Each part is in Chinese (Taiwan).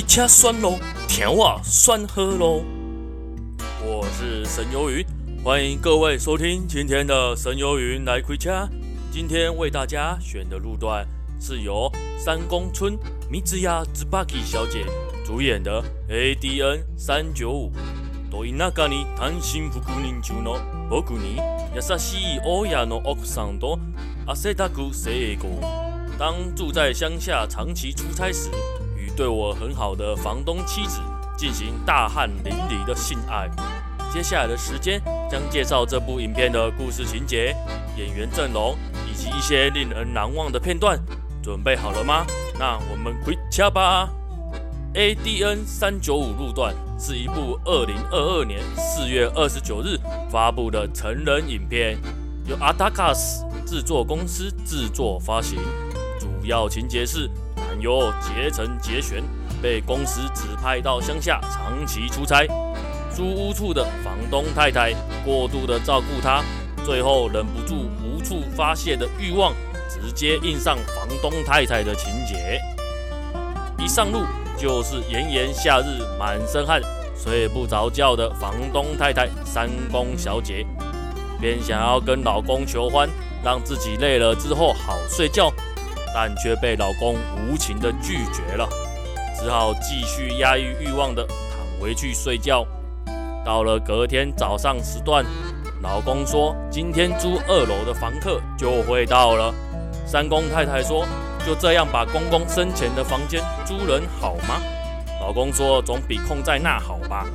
開車算咯，甜話算喝嘍。我是神游雲，歡迎各位收聽今天的神游雲來開車。今天為大家選的路段是由三宮つばき小姐主演的《ADN 三九五》，ど田舎に単身赴任中の僕に優しい大家の奧さんと汗だく性交。當住在鄉下長期出差時。對我很好的房東妻子進行大汗淋漓的性愛。接下來的時間將介紹這部影片的故事情節、演員陣容以及一些令人難忘的片段。準備好了嗎？那我們回家吧。A D N 三九五路段是一部二零二二年四月二十九日發布的成人影片，由 Atacas 制作公司制作發行。主要情節是。由結城結弦被公司指派到鄉下長期出差，租屋處的房東太太過度的照顧他，最後忍不住無處發洩的慾望，直接硬上房東太太的情節。一上路就是炎炎夏日，滿身汗，睡不着覺的房東太太三宮小姐，便想要跟老公求歡，讓自己累了之後好睡覺。但卻被老公無情的拒絕了，只好繼續壓抑慾望的躺回去睡覺。到了隔天早上時段，老公說：“今天租二樓的房客就會到了。”三宮太太說：“就這樣把公公生前的房間租人好嗎？”老公說：“總比空在那好吧。”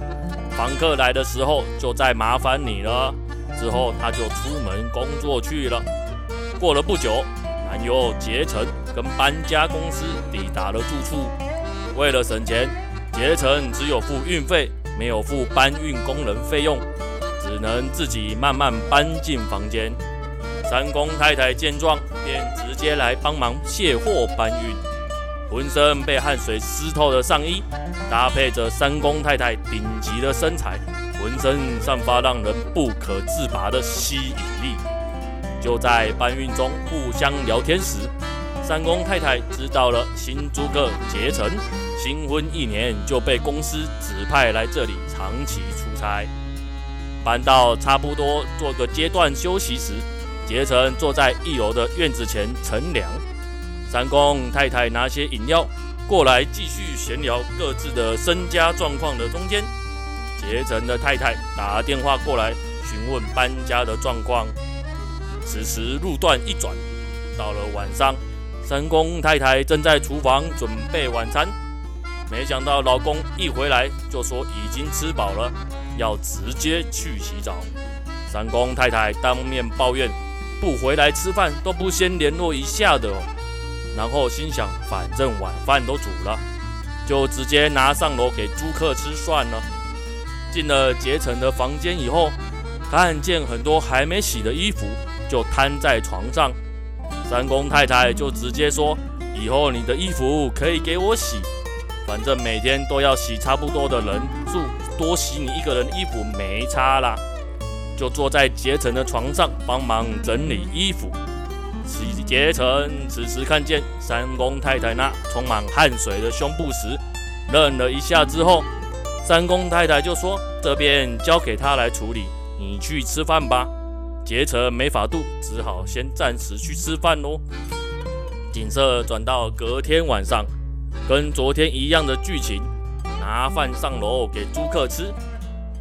房客來的時候就再麻煩你了。之後他就出門工作去了。過了不久。還有結城跟搬家公司抵達了住處。為了省錢，結城只有付運費，沒有付搬運工人費用，只能自己慢慢搬進房間。三宮太太見狀，便直接來幫忙卸貨搬運。渾身被汗水濕透的上衣，搭配着三宮太太頂級的身材，渾身散發讓人不可自拔的吸引力。就在搬運中互相聊天時，三宮太太知道了新租客結城新婚一年就被公司指派來這裡長期出差。搬到差不多做個階段休息時，結城坐在一樓的院子前乘涼，三宮太太拿些飲料過來繼續閒聊各自的身家狀況的中間，結城的太太打電話過來詢問搬家的狀況。此時路段一轉，到了晚上，三宮太太正在廚房準備晚餐。沒想到老公一回來就說已經吃飽了，要直接去洗澡。三宮太太當面抱怨，「不回來吃飯都不先聯絡一下的哦！」然後心想，反正晚飯都煮了，就直接拿上樓給租客吃算了。進了結城的房間以後，看見很多還沒洗的衣服。就癱在床上，三宮太太就直接說：“以後你的衣服可以給我洗，反正每天都要洗差不多的人數，多洗你一個人衣服沒差啦。”就坐在結城的床上幫忙整理衣服。洗結城此時看見三宮太太那充滿汗水的胸部時，愣了一下之後，三宮太太就說：“這邊交給他來處理，你去吃飯吧。”結城沒法度，只好先暫時去吃飯嘍。景色轉到隔天晚上，跟昨天一樣的劇情，拿飯上樓給租客吃。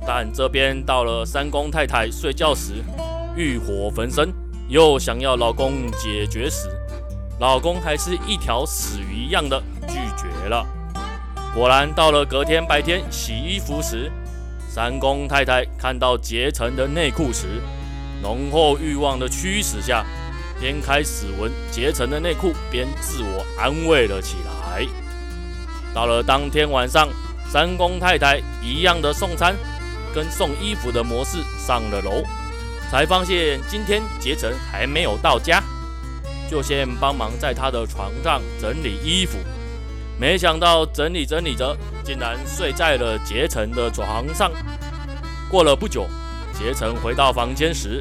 但這邊到了三宮太太睡覺時，欲火焚身，又想要老公解決時，老公還是一條死魚一樣的拒絕了。果然到了隔天白天洗衣服時，三宮太太看到結城的內褲時。濃厚慾望的驅使下，邊開始聞杰晨的內褲，邊自我安慰了起來。到了當天晚上，三宮太太一樣的送餐，跟送衣服的模式上了樓，才發現今天杰晨還沒有到家，就先幫忙在他的床上整理衣服。沒想到整理整理着，竟然睡在了杰晨的床上。過了不久，杰晨回到房間時。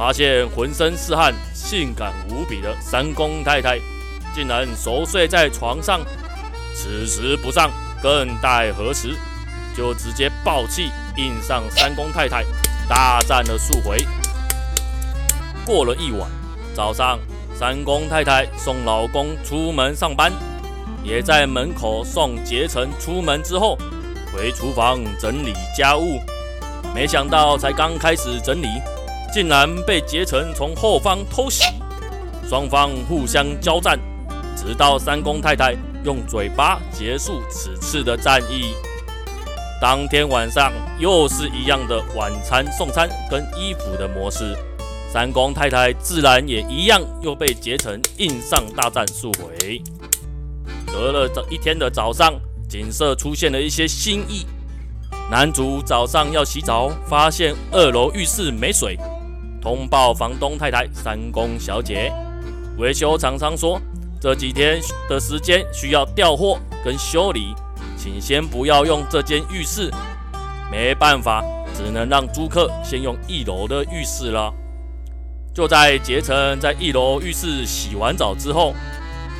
發現渾身是汗，性感無比的三宮太太竟然熟睡在床上，此時不上更待何時？就直接爆氣，硬上三宮太太，大戰了數回。過了一晚，早上三宮太太送老公出門上班，也在門口送結城出門之後，回廚房整理家務。沒想到才剛開始整理。竟然被結城從後方偷襲，雙方互相交戰，直到三宮太太用嘴巴結束此次的戰役。當天晚上又是一樣的晚餐送餐跟衣服的模式，三宮太太自然也一樣又被結城硬上大戰數回。隔了這一天的早上，景色出現了一些新意。男主早上要洗澡，發現二樓浴室沒水。通報房東太太三宮小姐，維修廠商說這幾天的時間需要調貨跟修理，請先不要用這間浴室。沒辦法，只能讓租客先用一樓的浴室了。就在結城在一樓浴室洗完澡之後，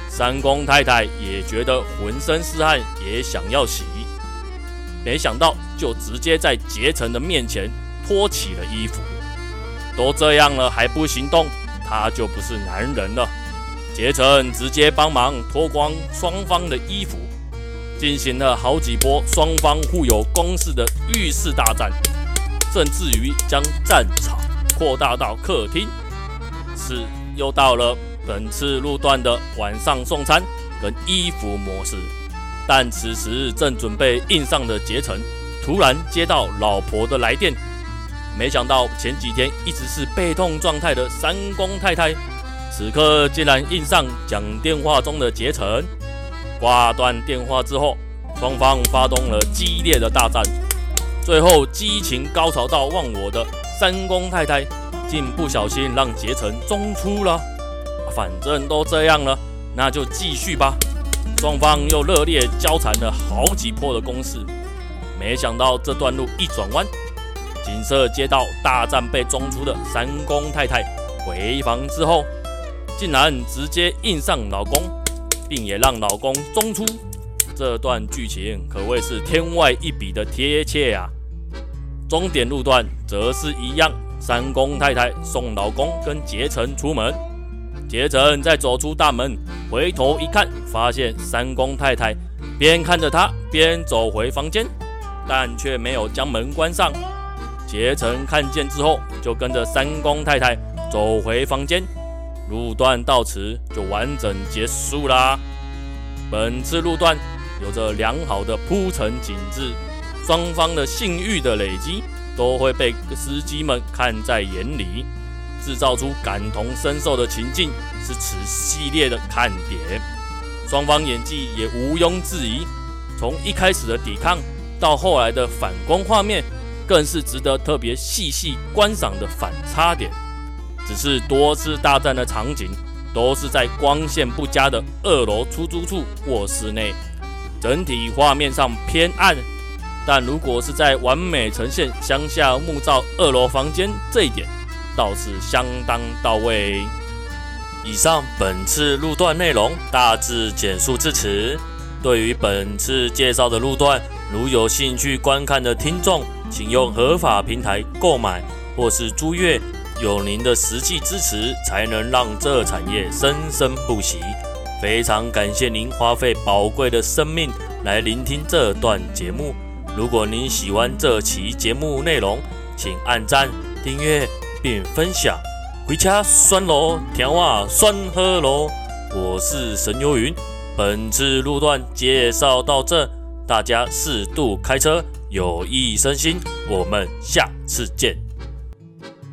三宮太太也覺得渾身是汗，也想要洗，沒想到就直接在結城的面前脫起了衣服。都這樣了還不行動，他就不是男人了。結城直接幫忙脫光雙方的衣服，進行了好幾波雙方互有攻勢的浴室大戰，甚至於將戰場擴大到客廳。是又到了本次路段的晚上送餐跟衣服模式，但此時正準備硬上的結城突然接到老婆的來電。沒想到前幾天一直是被動狀態的三宮太太，此刻竟然硬上講電話中的結城。掛斷電話之後，雙方發動了激烈的大戰，最後激情高潮到忘我的三宮太太，竟不小心讓結城中出了。反正都這樣了，那就繼續吧。雙方又熱烈交纏了好幾波的攻勢，沒想到這段路一轉彎。緊接著大戰被中出的三宮太太回房之後，竟然直接硬上老公，并也讓老公中出。這段劇情可謂是天外一筆的貼切啊！終點路段則是一樣，三宮太太送老公跟結城出門，結城在走出大門回頭一看，發現三宮太太邊看着他邊走回房間，但卻沒有將門關上。結城看見之後，就跟着三宮太太走回房間。路段到此就完整結束啦。本次路段有着良好的鋪陳景致，雙方的性慾的累積都會被司機們看在眼裡，製造出感同身受的情境是此系列的看點。雙方演技也毋庸置疑，從一開始的抵抗到後來的反攻畫面。更是值得特別細細觀賞的反差點。只是多次大戰的場景都是在光線不佳的二樓出租處臥室內，整體畫面上偏暗。但如果是在完美呈現鄉下木造二樓房間這一點，倒是相當到位。以上本次路段內容大致簡述至此。對於本次介紹的路段，如有興趣觀看的聽眾。請用合法平台購買或是租閱，有您的實際支持，才能讓這產業生生不息。非常感謝您花費寶貴的生命來聆聽這段節目。如果您喜歡這期節目內容，請按讚、訂閱並分享。回家酸咯，甜話酸喝咯。我是神游雲，本次路段介紹到這，大家適度開車。有益身心，我們下次見。